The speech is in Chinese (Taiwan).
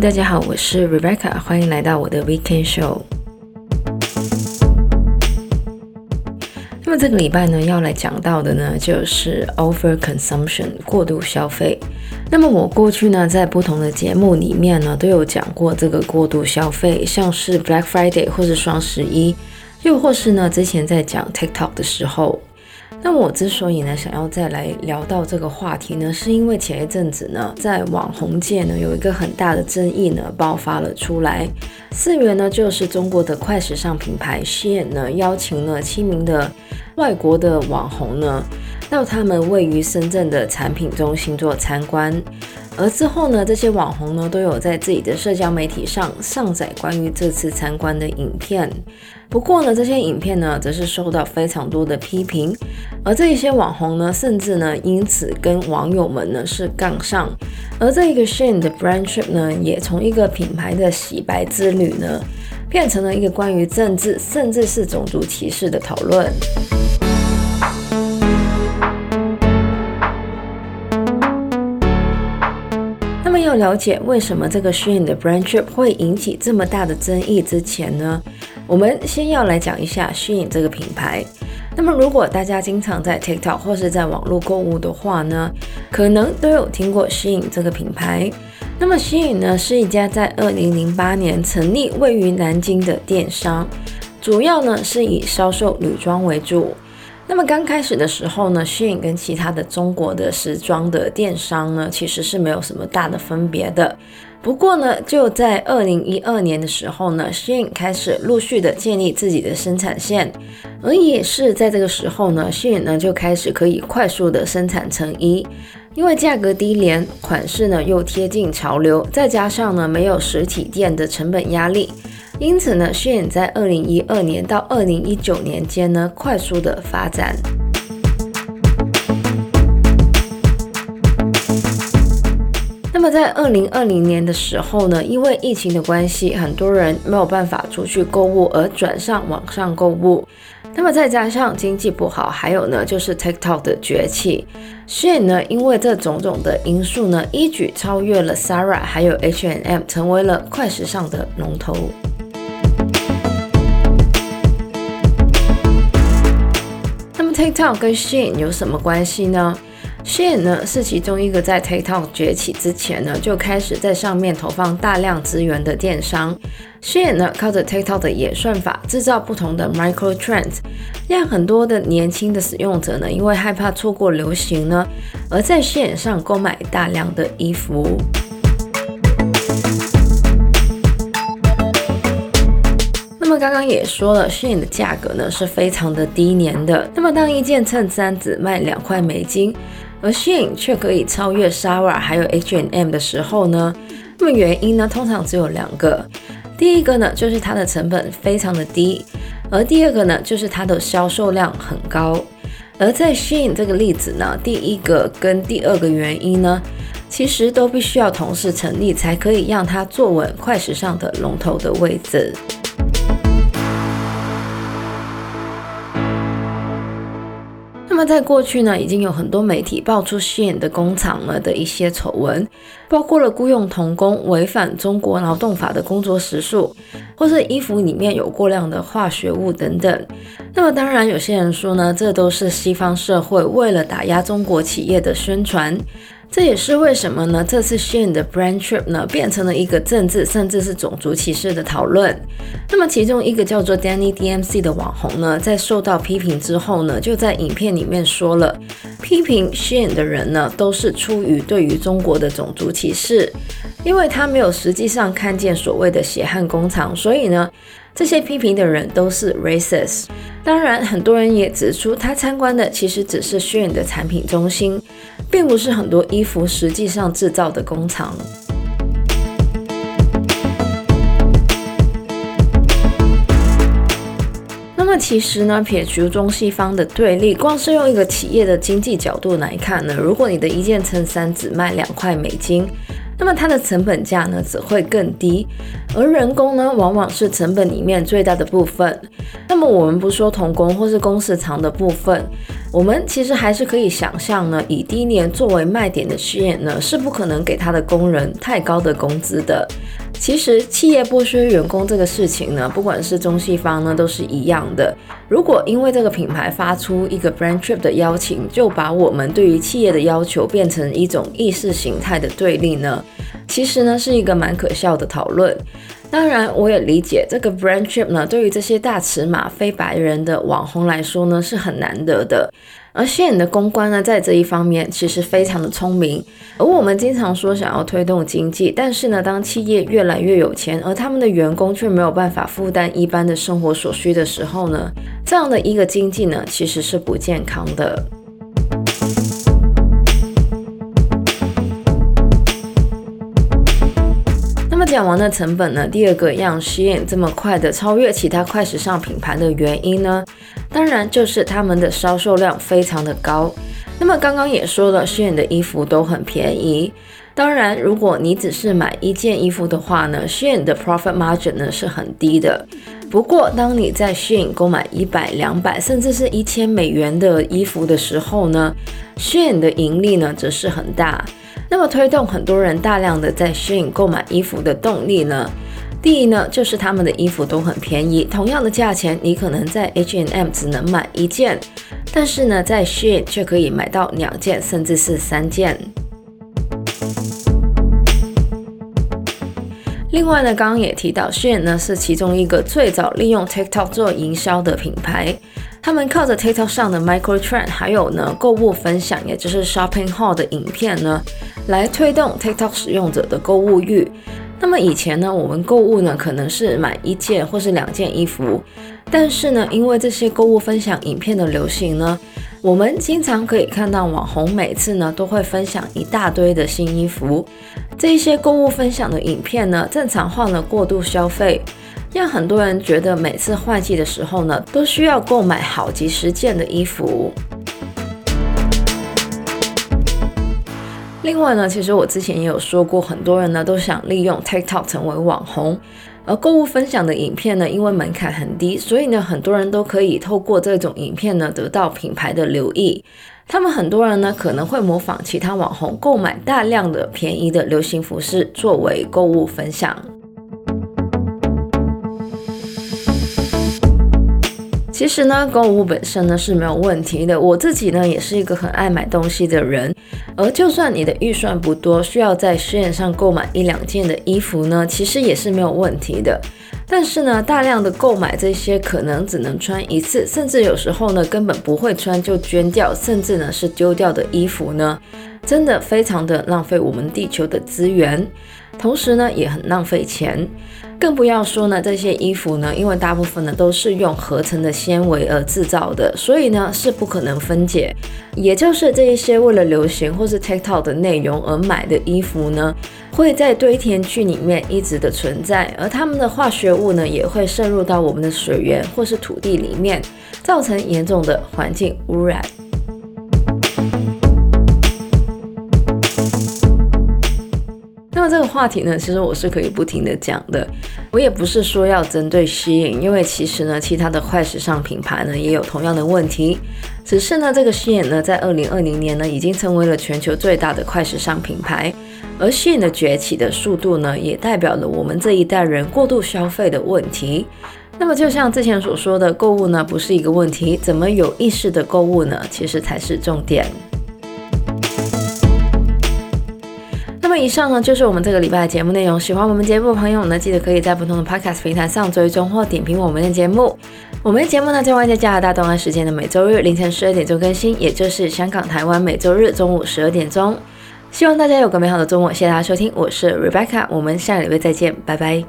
大家好，我是 Rebecca，歡迎來到我的 Weekend Show。那麼這個禮拜呢，要來講到的呢，就是 Over Consumption 過度消費。那麼我過去呢，在不同的節目裡面呢，都有講過這個過度消費，像是 Black Friday 或是雙十一，又或是呢，之前在講 TikTok 的時候。那我之所以呢，想要再來聊到這個話題呢，是因為前一陣子呢，在網紅界呢，有一個很大的爭議呢爆發了出來。四月呢，就是中國的快時尚品牌 Shein 呢，邀請了七名的外國的網紅呢到他們位於深圳的產品中心做參觀。而之後呢，這些網紅呢都有在自己的社交媒體上上載關於這次參觀的影片。不過呢，這些影片呢則是受到非常多的批評。而這一些網紅呢，甚至呢因此跟網友們呢是槓上。而這一個 Shein 的 brand trip 呢，也從一個品牌的洗白之旅呢，變成了一個關於政治甚至是種族歧視的討論。要了解為什麼這個 Shein 的 Brand Trip 會引起這麼大的爭議之前呢，我們先要來講一下 Shein 這個品牌。那麼如果大家經常在 TikTok 或是在網絡購物的話呢，可能都有聽過 Shein 這個品牌。那麼 Shein 呢是一家在2008年成立，位於南京的電商，主要呢是以銷售女裝為主。那麼剛開始的時候呢，Shein 跟其他的中國的時裝的電商呢，其實是沒有什麼大的分別的。不過呢，就在二零一二年的時候呢，Shein 開始陸續的建立自己的生產線，而也是在這個時候呢，Shein 呢就開始可以快速的生產成衣，因為價格低廉，款式呢又貼近潮流，再加上呢沒有實體店的成本壓力。因此呢，迅 n 在二零一二年到二零一九年間呢，快速的發展。 那麼在二零二零年的時候呢，因為疫情的關係，很多人沒有辦法出去購物，而轉上網上購物。那麼再加上經濟不好，還有呢就是 t i k t o k 的崛起，迅 n 呢因為這種種的因素呢，一舉超越了 Sarah，還有 H and M，成為了快時尚的龍頭。TikTok 跟 Shein 有什麼關係呢？Shein 呢是其中一個在 TikTok 崛起之前呢就開始在上面投放大量資源的電商。Shein 呢靠着 TikTok 的演算法制造不同的 micro trends，讓很多的年輕的使用者呢因為害怕錯過流行呢而在 Shein 上購買大量的衣服。剛剛也說了 Shein 的價格呢是非常的低廉的。那麼當一件襯衫只賣兩塊美金，而 Shein 卻可以超越 Zara 還有 H&M 的時候呢，那麼原因呢，通常只有兩個。第一個呢，就是它的成本非常的低；而第二個呢，就是它的銷售量很高。而在 Shein 這個例子呢，第一個跟第二個原因呢，其實都必須要同時成立，才可以讓它坐穩快時尚的龍頭的位置。那在過去呢，已經有很多媒體爆出 Shein 的工廠了的一些醜聞，包括了僱傭童工、違反中國勞動法的工作時數，或是衣服裡面有過量的化學物等等。那麼當然，有些人說呢，這都是西方社會為了打壓中國企業的宣傳。這也是為什麼呢，這次 Shein 的 brand trip 呢變成了一個政治甚至是種族歧視的討論。那麼其中一個叫做 Danny DMC 的網紅呢，在受到批評之後呢，就在影片裡面說了，批評 Shein 的人呢都是出於對於中國的種族歧視，因為他沒有實際上看見所謂的血汗工廠，所以呢，這些批評的人都是 racist。當然，很多人也指出，他參觀的其實只是 Shein 的產品中心。並不是很多衣服實際上製造的工廠。 那麼其實呢，撇除中西方的對立，光是用一個企業的經濟角度來看呢，如果你的一件襯衫只賣兩塊美金。那麼它的成本價呢，只會更低，而人工呢往往是成本裡面最大的部分。那麼我們不說童工或是工時長的部分，我們其實還是可以想象呢，以低廉作為賣點的 Shein 呢，是不可能給他的工人太高的工資的。其實，企業剝削員工這個事情呢，不管是中西方呢，都是一樣的。如果因為這個品牌發出一個 brand trip 的邀請，就把我們對於企業的要求變成一種意識形態的對立呢，其實呢是一個蠻可笑的討論。當然，我也理解這個 brand trip 呢，對於這些大尺碼非白人的網紅來說呢，是很難得的。而 Shein 的公關呢，在這一方面其實非常的聰明。而我們經常說想要推動經濟，但是呢，當企業越來越有錢，而他們的員工卻沒有辦法負擔一般的生活所需的時候呢，這樣的一個經濟呢，其實是不健康的。完的成本呢？第二個讓 Shein 這麼快的超越其他快時尚品牌的原因呢，當然就是他們的銷售量非常的高。那麼剛剛也說了，Shein 的衣服都很便宜。當然，如果你只是買一件衣服的話呢，Shein 的 profit margin 呢是很低的。不過，當你在 Shein 購買一百、兩百，甚至是一千美元的衣服的時候呢，Shein 的盈利呢則是很大。那麼推動很多人大量的在 Shein 購買衣服的動力呢？第一呢，就是他們的衣服都很便宜，同樣的價錢，你可能在 H&M 只能買一件，但是呢，在 Shein 卻可以買到兩件，甚至是三件。另外呢，剛剛也提到 Shein 呢是其中一個最早利用 TikTok 做營銷的品牌。他們靠着 TikTok 上的 micro trend，還有呢購物分享，也就是 shopping haul 的影片呢，來推動 TikTok 使用者的購物慾。那麼以前呢，我們購物呢可能是買一件或是兩件衣服，但是呢，因為這些購物分享影片的流行呢，我們經常可以看到網紅每次呢都會分享一大堆的新衣服。這一些購物分享的影片呢，正常化了過度消費。讓很多人覺得每次換季的時候呢，都需要購買好幾十件的衣服。另外呢，其實我之前也有說過，很多人呢都想利用 TikTok 成為網紅。而購物分享的影片呢，因為門檻很低，所以呢，很多人都可以透過這種影片呢得到品牌的留意。他們很多人呢可能會模仿其他網紅，購買大量的便宜的流行服飾作為購物分享。其實呢，購物本身呢是沒有問題的。我自己呢也是一個很愛買東西的人。而就算你的預算不多，需要在線上購買一兩件的衣服呢，其實也是沒有問題的。但是呢，大量的購買這些可能只能穿一次，甚至有時候呢根本不會穿就捐掉，甚至呢是丟掉的衣服呢，真的非常的浪費我們地球的資源。同時呢，也很浪費錢，更不要說呢，這些衣服呢，因為大部分呢都是用合成的纖維而制造的，所以呢是不可能分解。也就是這一些為了流行或是 TikTok 的內容而買的衣服呢，會在堆填區裡面一直的存在，而它們的化學物呢，也會滲入到我們的水源或是土地裡面，造成嚴重的環境污染。這個話題呢，其實我是可以不停地講的。我也不是說要針對 Shein，因為其實呢，其他的快時尚品牌呢也有同樣的問題。只是呢，這個 Shein 呢，在二零二零年呢，已經成為了全球最大的快時尚品牌。而 Shein 的崛起的速度呢，也代表了我們這一代人過度消費的問題。那麼，就像之前所說的，購物呢，不是一個問題，怎麼有意識的購物呢，其實才是重點。那麼以上呢，就是我們這個禮拜的節目內容。喜歡我們節目的朋友呢，記得可以在不同的 Podcast 平台上追蹤或點評我們的節目。我們的節目呢，將會在加拿大東岸時間的每周日凌晨十二點鐘更新，也就是香港、台灣每周日中午十二點鐘。希望大家有個美好的周末，謝謝大家收聽，我是 Rebecca，我們下個禮拜再見，拜拜。